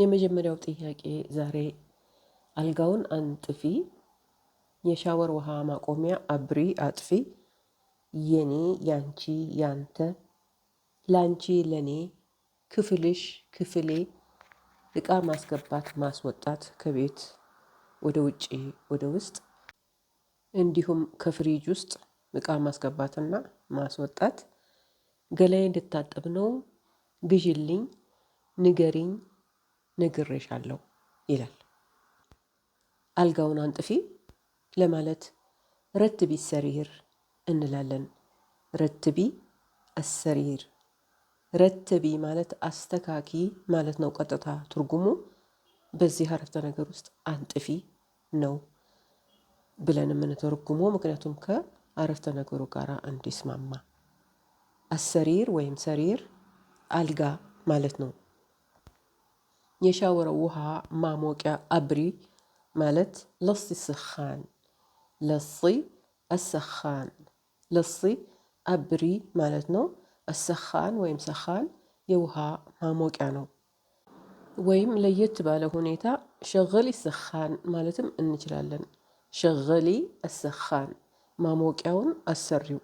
የመጀመሪያው ጥያቄ ዛሬ አልጋውን አንጥፊ የሻወር ውሃ ማቆሚያ አብሪ አጥፊ የኔ ያንቺ ያንተ ላንቺ ለኔ ክፍልሽ ክፍሌ እቃ ማስገባት ማስወጣት ከቤት ወደ ውጭ ወደ ውስጥ እንዲሁም ከፍሪጅ ውስጥ እቃ ማስገባትና ማስወጣት ገላይ እንድታጠብ ነው ግዥልኝ ንገሪኝ ነግሬሻለሁ ይላል። አልጋውን አንጥፊ ለማለት ረትቢ ሰሪር እንላለን። ረትቢ አሰሪር ረትቢ ማለት አስተካኪ ማለት ነው። ቀጥታ ትርጉሙ በዚህ አረፍተ ነገር ውስጥ አንጥፊ ነው ብለን የምንተረጉመው ምክንያቱም ከአረፍተ ነገሩ ጋር እንዲስማማ። አሰሪር ወይም ሰሪር አልጋ ማለት ነው። يشاور وها ما موكا أبري مالت لصي سخان لصي السخان لصي أبري مالتنو السخان ويم سخان يوها ما موكا نو ويم ليت هونيتا شغلي سخان مالتم النجلالن شغلي السخان ما موكاون السريو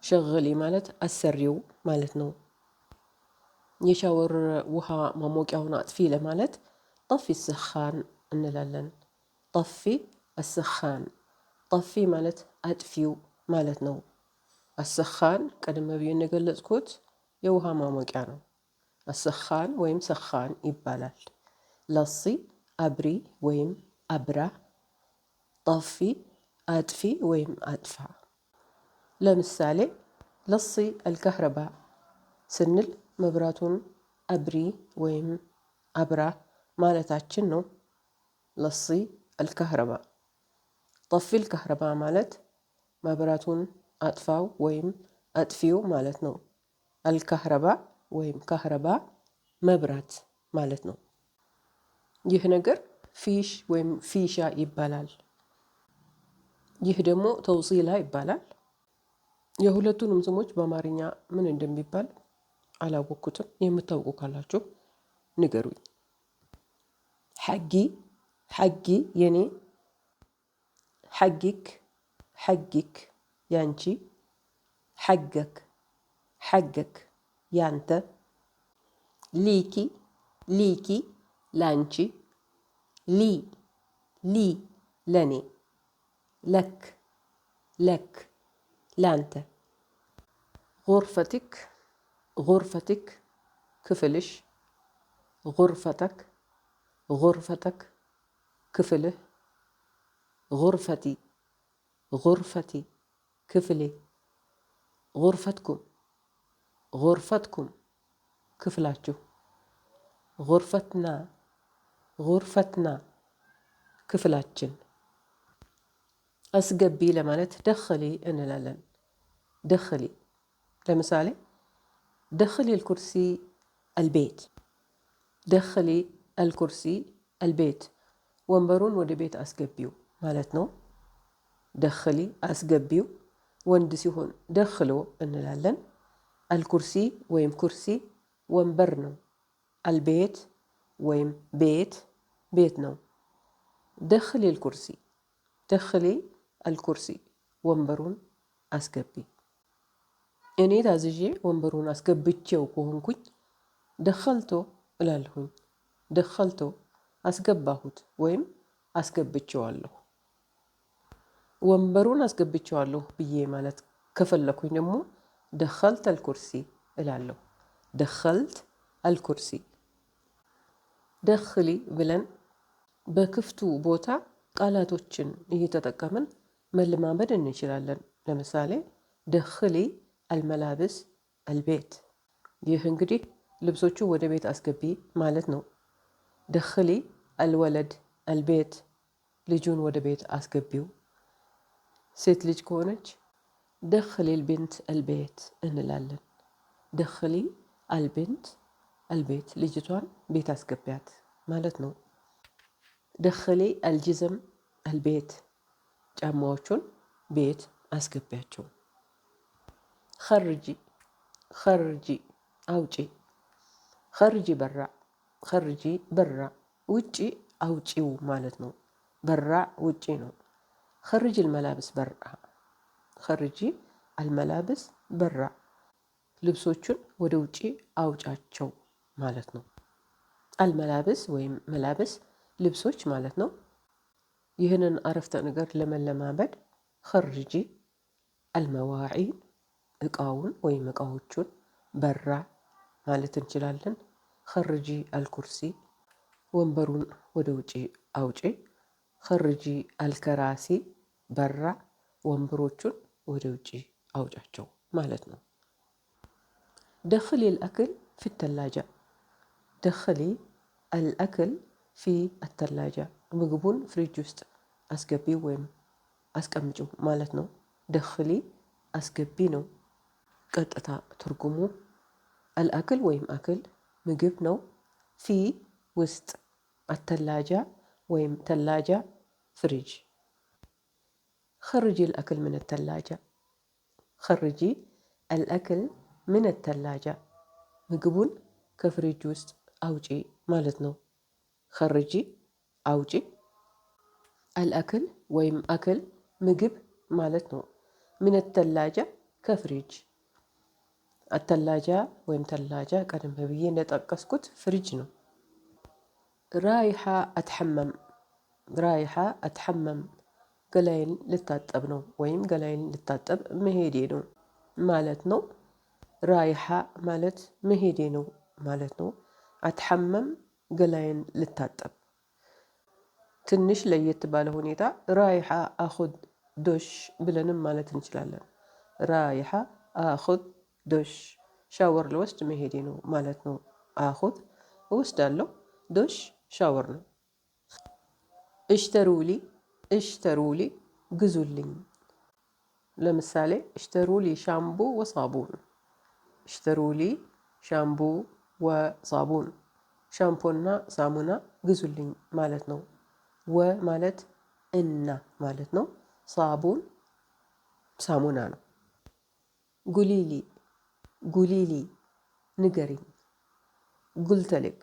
شغلي مالت السريو مالتنو የሻወር ውሃ ማሞቂያውን አጥፊ ለማለት ጠፊ ስኻን እንላለን። ጠፊ አስኻን ጠፊ ማለት አጥፊው ማለት ነው። አስኻን ቀደም ብዬ እንደገለጽኩት የውሃ ማሞቂያ ነው። አስኻን ወይም ስኻን ይባላል። ለሲ አብሪ ወይም አብራ፣ ጠፊ አጥፊ ወይም አጥፋ። ለምሳሌ ለሲ አልከህረባ ስንል መብራቱን አብሪ ወይም አብራ ማለታችን ነው። ለሲ አልካህረባ ጠፊ አልከህረባ ማለት መብራቱን አጥፋው ወይም አጥፊው ማለት ነው። አልካህረባ ወይም ከህረባ መብራት ማለት ነው። ይህ ነገር ፊሽ ወይም ፊሻ ይባላል። ይህ ደግሞ ተውሲላ ይባላል። የሁለቱንም ስሞች በአማርኛ ምን እንደሚባል አላወቅኩትም የምታውቁ ካላችሁ ንገሩኝ። ሐጊ ሐጊ የኔ ሐጊክ ሐጊክ ያንቺ ሐገክ ሐገክ ያንተ ሊኪ ሊኪ ላንቺ ሊ ሊ ለኔ ለክ ለክ ላንተ ጎርፈትክ ጉርፈቲክ ክፍልሽ፣ ጉርፈተክ ጉርፈተክ ክፍልህ፣ ጉርፈቲ ጉርፈቲ ክፍሌ፣ ጉርፈትኩም ጉርፈትኩም ክፍላችሁ፣ ጉርፈትና ጉርፈትና ክፍላችን። አስገቢ ለማለት ደኸሊ እንላለን። ደኸሊ ለምሳሌ دخلي الكرسي البيت دخلي الكرسي البيت ونبرون ودي بيت أسكبيو مالتنو دخلي وندسي هون دخلو إن لالن الكرسي ويم كرسي ونبرنو البيت ويم بيت بيتنا دخلي الكرسي دخلي الكرسي ونبرون أسكبيو እኔ ታዝዤ ወንበሩን አስገብቼው ከሆንኩኝ ደኸልቶ እላለሁኝ። ደኸልቶ አስገባሁት ወይም አስገብቼዋለሁ። ወንበሩን አስገብቼዋለሁ ብዬ ማለት ከፈለኩኝ ደግሞ ደኸልት አልኩርሲ እላለሁ። ደኸልት አልኩርሲ። ደኽሊ ብለን በክፍቱ ቦታ ቃላቶችን እየተጠቀምን መለማመድ እንችላለን። ለምሳሌ ደኽሊ አልመላብስ አልቤት። ይህ እንግዲህ ልብሶቹ ወደ ቤት አስገቢ ማለት ነው። ደኽሊ አልወለድ አልቤት፣ ልጁን ወደ ቤት አስገቢው። ሴት ልጅ ከሆነች ደኽሊ አልቢንት አልቤት እንላለን። ደኽሊ አልቢንት አልቤት፣ ልጅቷን ቤት አስገቢያት ማለት ነው። ደኽሊ አልጅዘም አልቤት፣ ጫማዎቹን ቤት አስገቢያቸው። ኸርጂ ኸርጂ አውጪ ኸርጂ በራ ኸርጂ በራ ውጪ አውጪው ማለት ነው። በራ ውጪ ነው። ኸርጂ አልመላብስ በራ ኸርጂ አልመላብስ በራ ልብሶቹን ወደ ውጪ አውጫቸው ማለት ነው። አልመላብስ ወይም መላብስ ልብሶች ማለት ነው። ይህንን አረፍተ ነገር ለመለማመድ ኸርጂ አልመዋዒ እቃውን ወይም እቃዎቹን በራ ማለት እንችላለን። ኸርጂ አልኩርሲ ወንበሩን ወደ ውጪ አውጪ። ኸርጂ አልከራሲ በራ ወንበሮቹን ወደ ውጪ አውጫቸው ማለት ነው። ደኽሊ አልአክል ፊ ተላጃ ደኽሊ አልአክል ፊ አተላጃ ምግቡን ፍሪጅ ውስጥ አስገቢ ወይም አስቀምጪው ማለት ነው። ደኽሊ አስገቢ ነው። ቀጥታ ትርጉሙ አልአክል ወይም አክል ምግብ ነው። ፊ ውስጥ አተላጃ ወይም ተላጃ ፍሪጅ። خرجي الأكل من الثلاجة خرجي الأكل من الثلاجة ምግቡን ከፍሪጅ ውስጥ አውጪ ማለት ነው። ኸርጂ አውጪ። አልአክል ወይም አክል ምግብ ማለት ነው። ምን ተላጃ ከፍሪጅ አተላጃ ወይም ተላጃ ቀደም ብዬ እንደጠቀስኩት ፍሪጅ ነው። ራይሓ አትሐመም ራይሓ አትሐመም ገላይን ልታጠብ ነው ወይም ገላይን ልታጠብ መሄዴ ነው ማለት ነው። ራይሓ ማለት መሄዴ ነው ማለት ነው። አትሐመም ገላይን ልታጠብ። ትንሽ ለየት ባለ ሁኔታ ራይሓ አኹድ ዶሽ ብለንም ማለት እንችላለን። ራይሓ አኹድ ዶሽ ሻወር ልወስድ መሄዴ ነው ማለት ነው። ውስጥ እወስዳለሁ። ዶሽ ሻወር ነው። እሽተሩሊ እሽተሩሊ ግዙልኝ። ለምሳሌ እሽተሩሊ ሻምቡ ወሳቡን። እሽተሩሊ ሻምቡ ወሳቡን፣ ሻምፖና ሳሙና ግዙልኝ ማለት ነው። ወ ማለት እና ማለት ነው። ሳቡን ሳሙና ነው። ጉሊሊ ጉሊሊ ንገሪኝ፣ ጉልተልክ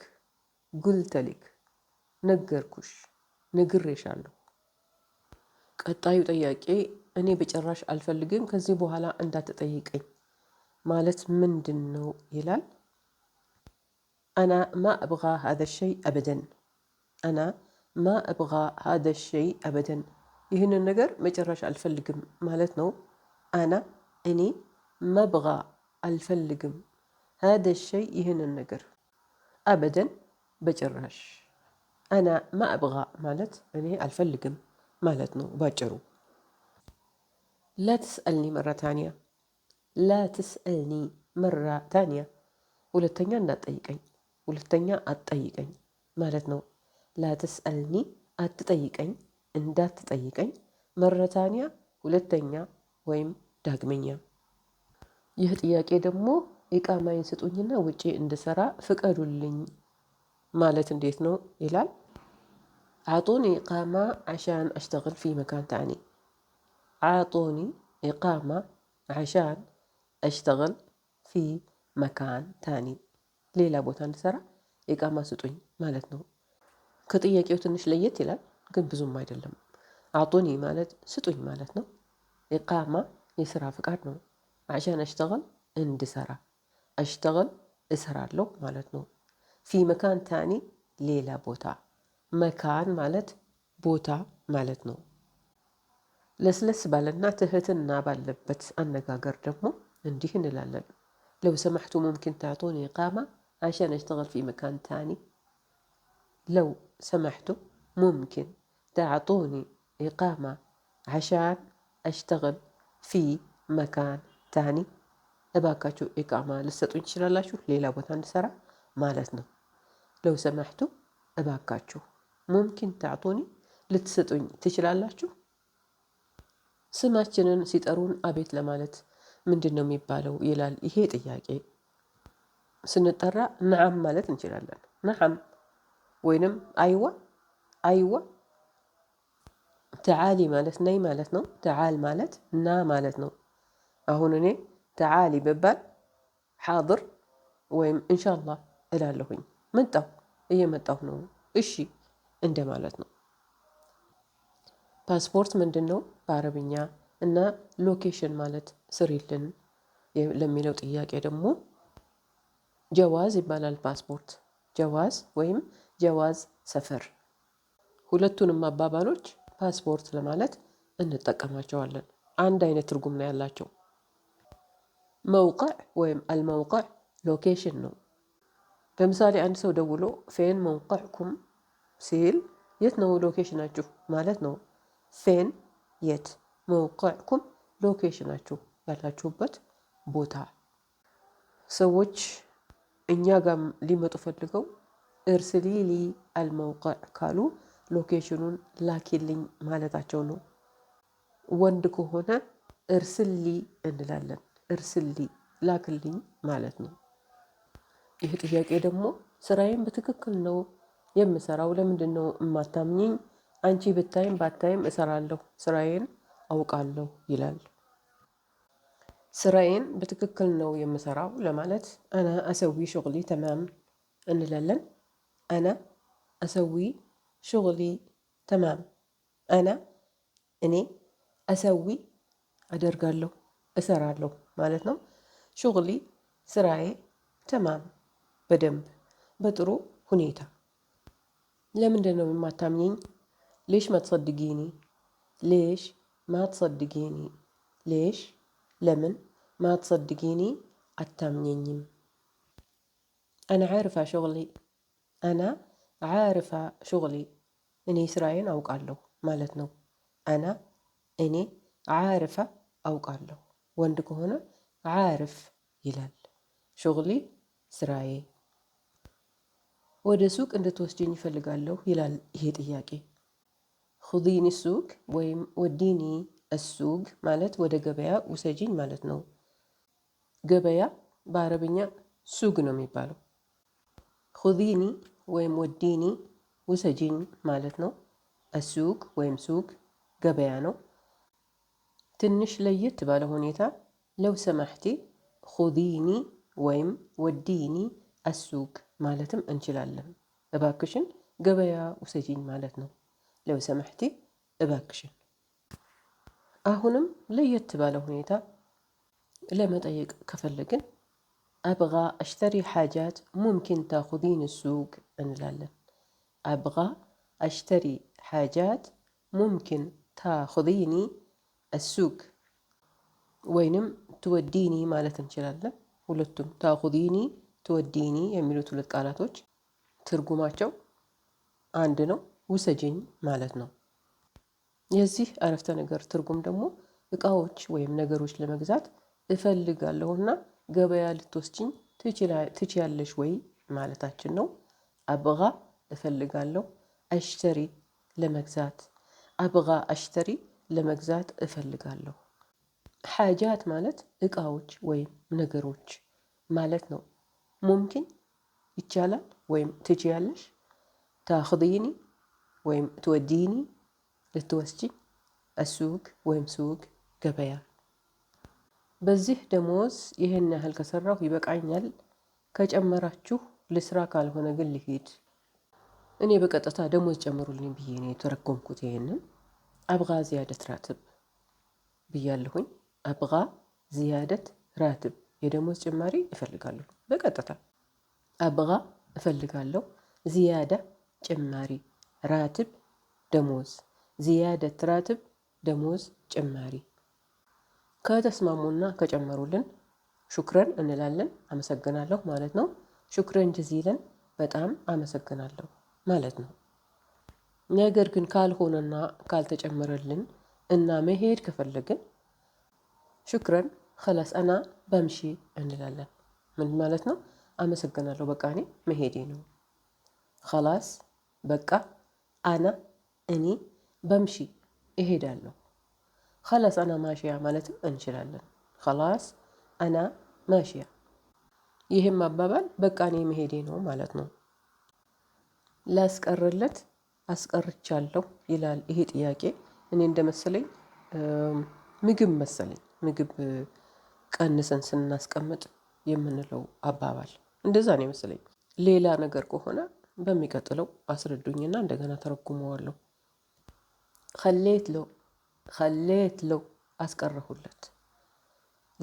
ጉልተልክ ነገርኩሽ፣ ነግሬሻለሁ። ቀጣዩ ጥያቄ እኔ በጭራሽ አልፈልግም፣ ከዚህ በኋላ እንዳትጠይቀኝ ማለት ምንድን ነው ይላል። አና ማ እብጋ ሀደ ሸይ አበደን፣ አና ማ እብጋ ሀደ ሸይ አበደን፣ ይህንን ነገር በጭራሽ አልፈልግም ማለት ነው። አና እኔ መብጋ አልፈልግም። ሀደ ሸይ ይህንን ነገር አበደን በጭራሽ አና ማእብቃ ማለት እኔ አልፈልግም ማለት ነው ባጭሩ። ላትስአልኒ መራ ታንያ ላትስአልኒ መራ ታንያ ሁለተኛ እንዳትጠይቀኝ፣ ሁለተኛ አትጠይቀኝ ማለት ነው። ላትስአልኒ አትጠይቀኝ፣ እንዳትጠይቀኝ፣ መረታንያ ሁለተኛ ወይም ዳግመኛ ይህ ጥያቄ ደግሞ ኢቃማዬን ስጡኝና ውጪ እንድሰራ ፍቀዱልኝ ማለት እንዴት ነው ይላል። አጡኒ ኢቃማ አሻን አሽተቅል ፊ መካን ታኒ። አጡኒ ኢቃማ አሻን አሽተቅል ፊ መካን ታኒ፣ ሌላ ቦታ እንድሰራ ኢቃማ ስጡኝ ማለት ነው። ከጥያቄው ትንሽ ለየት ይላል፣ ግን ብዙም አይደለም። አጡኒ ማለት ስጡኝ ማለት ነው። ኢቃማ የስራ ፍቃድ ነው። عشان أشتغل اندسرة أشتغل اسرارلو نور في مكان تاني ليلة بوتا مكان مالت بوتا مالت مالتنو لسلس بالنا تهتن نابال انك أنقاقر انديهن عندي لو سمحتوا ممكن تعطوني إقامة عشان أشتغل في مكان تاني لو سمحتوا ممكن تعطوني إقامة عشان أشتغل في مكان ሳህኒ እባካችሁ ኢቃማ ልሰጡኝ ትችላላችሁ፣ ሌላ ቦታ እንድሰራ ማለት ነው። ለው ሰማሕቱ እባካችሁ ሙምኪን ታዕቶኒ ልትሰጡኝ ትችላላችሁ። ስማችንን ሲጠሩን አቤት ለማለት ምንድን ነው የሚባለው ይላል። ይሄ ጥያቄ ስንጠራ ነዓም ማለት እንችላለን። ነዓም ወይንም አይዋ አይዋ። ተዓሊ ማለት ነይ ማለት ነው። ተዓል ማለት ና ማለት ነው። አሁን እኔ ተዓሊ በባል ሓድር ወይም እንሻላህ እላለሁኝ። መጣሁ፣ እየመጣሁ ነው፣ እሺ እንደማለት ነው። ፓስፖርት ምንድን ነው በአረብኛ እና ሎኬሽን ማለት ስሪልን ለሚለው ጥያቄ ደግሞ ጀዋዝ ይባላል። ፓስፖርት ጀዋዝ ወይም ጀዋዝ ሰፈር። ሁለቱንም አባባሎች ፓስፖርት ለማለት እንጠቀማቸዋለን። አንድ አይነት ትርጉም ነው ያላቸው። መውቀዕ ወይም አልመውቀዕ ሎኬሽን ነው። ለምሳሌ አንድ ሰው ደውሎ ፌን መውቀዕኩም ሲል የት ነው ሎኬሽናችሁ ማለት ነው። ፌን የት፣ መውቀዕኩም ሎኬሽናችሁ ያላችሁበት ቦታ። ሰዎች እኛ ጋር ሊመጡ ፈልገው እርስሊሊ አልመውቀዕ ካሉ ሎኬሽኑን ላኪልኝ ማለታቸው ነው። ወንድ ከሆነ እርስሊ እንላለን። እርስልኝ ላክልኝ ማለት ነው። ይህ ጥያቄ ደግሞ ስራዬን በትክክል ነው የምሰራው ለምንድን ነው የማታምኝኝ? አንቺ ብታይም ባታይም እሰራለሁ ስራዬን አውቃለሁ ይላል። ስራዬን በትክክል ነው የምሰራው ለማለት አና አሰዊ ሽቅሊ ተማም እንላለን። አና አሰዊ ሽቅሊ ተማም አና እኔ አሰዊ አደርጋለሁ እሰራለሁ ማለት ነው። ሹግሊ ስራዬ ተማም በደንብ በጥሩ ሁኔታ። ለምንድን ነው የማታምኘኝ? ሌሽ ማትሰድጊኒ? ሌሽ ማትሰድጊኒ? ሌሽ ለምን ማትሰድጊኒ? አታምኘኝም። አና ዓርፋ ሹግሊ አና ዓርፋ ሹግሊ እኔ ስራዬን አውቃለሁ ማለት ነው። አና እኔ ዓርፋ አውቃለሁ ወንድ ከሆነ ዓርፍ ይላል። ሹግሊ ስራዬ። ወደ ሱቅ እንድትወስድኝ ይፈልጋለሁ ይላል ይሄ ጥያቄ። ሁዲኒ ሱቅ ወይም ወዲኒ እሱግ ማለት ወደ ገበያ ውሰጂኝ ማለት ነው። ገበያ በአረብኛ ሱግ ነው የሚባለው። ሁዲኒ ወይም ወዲኒ ውሰጂኝ ማለት ነው። እሱግ ወይም ሱግ ገበያ ነው። ትንሽ ለየት ባለ ሁኔታ ለው ሰማሕቲ ሁዚኒ ወይም ወዲኒ አሱቅ ማለትም እንችላለን። እባክሽን ገበያ ውሰጂኝ ማለት ነው። ለው ሰማሕቲ እባክሽን። አሁንም ለየት ባለ ሁኔታ ለመጠየቅ ከፈለግን አብጋ አሽተሪ ሓጃት ሙምኪን ታኹዲን ሱቅ እንላለን። አብጋ አሽተሪ ሓጃት ሙምኪን ታኹዲኒ አሱቅ ወይንም ትወዲኒ ማለት እንችላለን። ሁለቱም ታኹዲኒ፣ ትወዲኒ የሚሉት ሁለት ቃላቶች ትርጉማቸው አንድ ነው፣ ውሰጅኝ ማለት ነው። የዚህ አረፍተ ነገር ትርጉም ደግሞ እቃዎች ወይም ነገሮች ለመግዛት እፈልጋለሁና ገበያ ልትወስጅኝ ትችያለሽ ወይ ማለታችን ነው። አብጋ እፈልጋለሁ፣ አሽተሪ ለመግዛት አብጋ አሽተሪ ለመግዛት እፈልጋለሁ። ሓጃት ማለት እቃዎች ወይም ነገሮች ማለት ነው። ሙምኪን ይቻላል ወይም ትችያለሽ። ታክዲኒ ወይም ትወዲኒ ልትወስጂኝ። አሱቅ ወይም ሱግ ገበያ። በዚህ ደሞዝ ይህን ያህል ከሰራሁ ይበቃኛል፣ ከጨመራችሁ ልስራ፣ ካልሆነ ግን ልሂድ። እኔ በቀጥታ ደሞዝ ጨምሩልኝ ብዬ ነው የተረጎምኩት ይህንን። አብቃ ዚያደት ራትብ ብያለሁኝ። አብቃ ዚያደት ራትብ የደሞዝ ጭማሪ እፈልጋለሁ በቀጥታ አብቃ እፈልጋለሁ፣ ዚያደ ጭማሪ፣ ራትብ ደሞዝ፣ ዚያደት ራትብ ደሞዝ ጭማሪ። ከተስማሙና ከጨመሩልን ሹክረን እንላለን፣ አመሰግናለሁ ማለት ነው። ሹክረን ጀዚለን በጣም አመሰግናለሁ ማለት ነው። ነገር ግን ካልሆነና ካልተጨመረልን እና መሄድ ከፈለግን ሹክረን ከላስ አና በምሺ እንላለን። ምን ማለት ነው? አመሰግናለሁ በቃ እኔ መሄዴ ነው። ከላስ በቃ አና እኔ በምሺ እሄዳለሁ። ከላስ አና ማሽያ ማለትም እንችላለን። ከላስ አና ማሽያ። ይህም አባባል በቃ እኔ መሄዴ ነው ማለት ነው። ላስቀርለት አስቀርቻለሁ ይላል ይሄ ጥያቄ። እኔ እንደመሰለኝ ምግብ መሰለኝ ምግብ ቀንሰን ስናስቀምጥ የምንለው አባባል እንደዛ ነው የመሰለኝ። ሌላ ነገር ከሆነ በሚቀጥለው አስረዱኝና እንደገና ተረጉመዋለሁ። ከሌት ለው ከሌት ለው አስቀረሁለት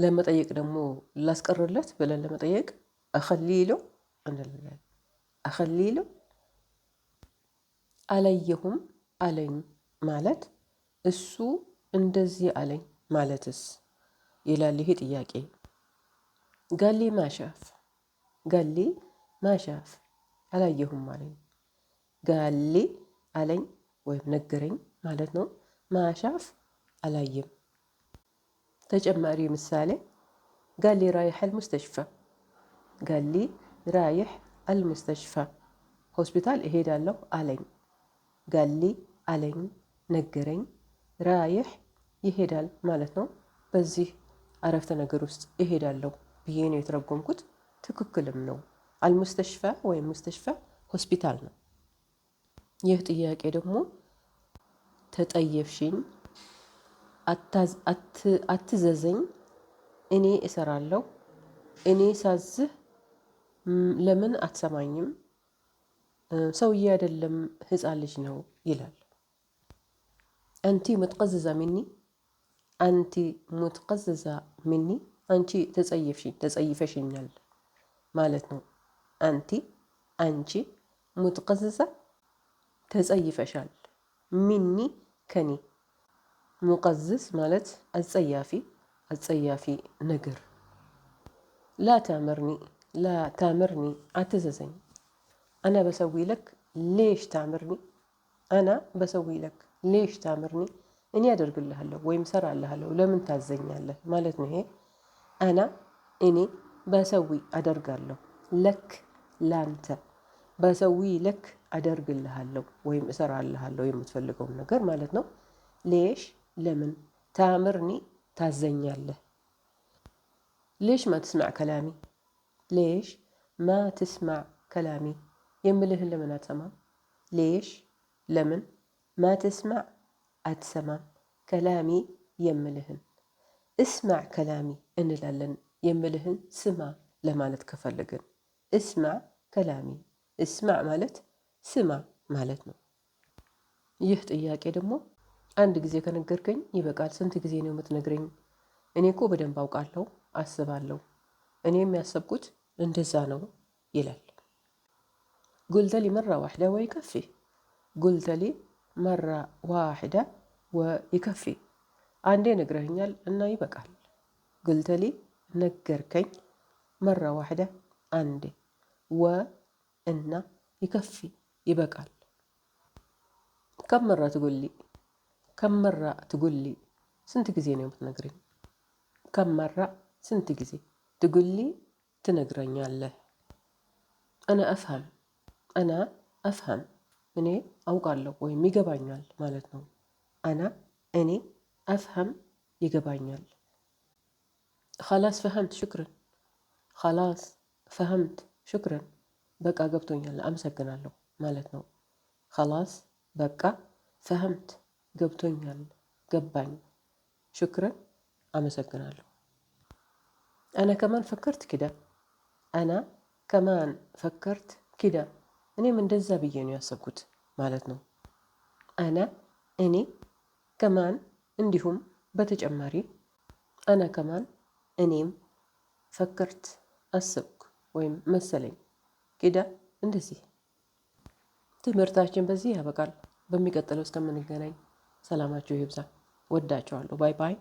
ለመጠየቅ ደግሞ ላስቀርለት ብለን ለመጠየቅ አኸሊለው እንላለን። አኸሊለው አላየሁም አለኝ ማለት እሱ እንደዚህ አለኝ ማለትስ ይላል ይሄ ጥያቄ። ጋሌ ማሻፍ ጋሌ ማሻፍ አላየሁም አለኝ። ጋሌ አለኝ ወይም ነገረኝ ማለት ነው። ማሻፍ አላየም። ተጨማሪ ምሳሌ ጋሌ ራይሕ አልሙስተሽፋ ጋሌ ራይሕ አልሙስተሽፋ ሆስፒታል እሄዳለሁ አለኝ። ጋሊ አለኝ ነገረኝ ራይሕ ይሄዳል ማለት ነው። በዚህ አረፍተ ነገር ውስጥ እሄዳለሁ ብዬ ነው የተረጎምኩት። ትክክልም ነው። አልሙስተሽፋ ወይም ሙስተሽፋ ሆስፒታል ነው። ይህ ጥያቄ ደግሞ ተጠየፍሽኝ፣ አትዘዘኝ፣ እኔ እሰራለሁ፣ እኔ ሳዝህ ለምን አትሰማኝም ሰውዬ አይደለም ህፃን ልጅ ነው ይላል። አንቲ ሙትቀዝዛ ሚኒ፣ አንቲ ሙትቀዝዛ ሚኒ፣ አንቺ ተጸይፍሽኝ ተጸይፈሽኛል ማለት ነው። አንቲ አንቺ፣ ሙትቀዝዛ ተጸይፈሻል፣ ሚኒ ከኔ ሙቀዝዝ ማለት አጸያፊ አጸያፊ ነገር። ላ ታምርኒ ላ ታምርኒ አትዘዘኝ አነ በሰዊ ለክ ሌሽ ታምርኒ አና በሰዊ ለክ ሌሽ ታምርኒ እኔ ያደርግልሃለሁ ወይም ሰራልሃለሁ ለምን ታዘኛለህ ማለት ነው። ይሄ አና እኔ በሰዊ አደርጋለሁ ለክ ላንተ በሰዊ ለክ አደርግልሃለሁ ወይም እሰራልሃለሁ የምትፈልገውን ነገር ማለት ነው። ሌሽ ለምን ታምርኒ ታዘኛለህ። ሌሽ ማ ትስማዕ ከላሚ ሌሽ ማ ትስማዕ ከላሚ የምልህን ለምን አትሰማም? ሌሽ ለምን ማትስማዕ አትሰማም? ከላሚ የምልህን እስማዕ ከላሚ እንላለን። የምልህን ስማ ለማለት ከፈለግን እስማዕ ከላሚ፣ እስማዕ ማለት ስማ ማለት ነው። ይህ ጥያቄ ደግሞ አንድ ጊዜ ከነገርከኝ ይበቃል፣ ስንት ጊዜ ነው የምትነግረኝ? እኔ እኮ በደንብ አውቃለሁ፣ አስባለሁ፣ እኔ የሚያሰብኩት እንደዛ ነው ይላል። قلت لي مرة واحدة ويكفي قلت لي مرة واحدة ويكفي አንዴ ነግረኸኛል እና ይበቃል። قلت لي ነገርከኝ መራ ዋሕደ አንዴ ወ እና ይከፊ ይበቃል። ከም መራ ትጎሊ ከም መራ ትጎሊ ስንት ጊዜ ነው የምትነግረኝ? ከም መራ ስንት ጊዜ ትጉሊ ትነግረኛለህ? አነ አፍሀም አና አፍሃም እኔ አውቃለሁ ወይም ይገባኛል ማለት ነው። አና እኔ አፍሃም ይገባኛል። ኸላስ ፈሀምት ሽክርን፣ ኸላስ ፈሀምት ሽክርን፣ በቃ ገብቶኛል አመሰግናለሁ ማለት ነው። ኸላስ በቃ፣ ፈሀምት ገብቶኛል ገባኝ፣ ሽክርን አመሰግናለሁ። አና ከማን ፈከርት ኪዳ፣ አና ከማን ፈከርት ኪዳ እኔም እንደዛ ብዬ ነው ያሰብኩት ማለት ነው። አነ እኔ ከማን እንዲሁም በተጨማሪ አነ ከማን እኔም ፈከርት አሰብኩ ወይም መሰለኝ ኪዳ እንደዚህ ትምህርታችን በዚህ ያበቃል። በሚቀጥለው እስከምንገናኝ ሰላማችሁ ይብዛ። ወዳችኋለሁ። ባይ ባይ።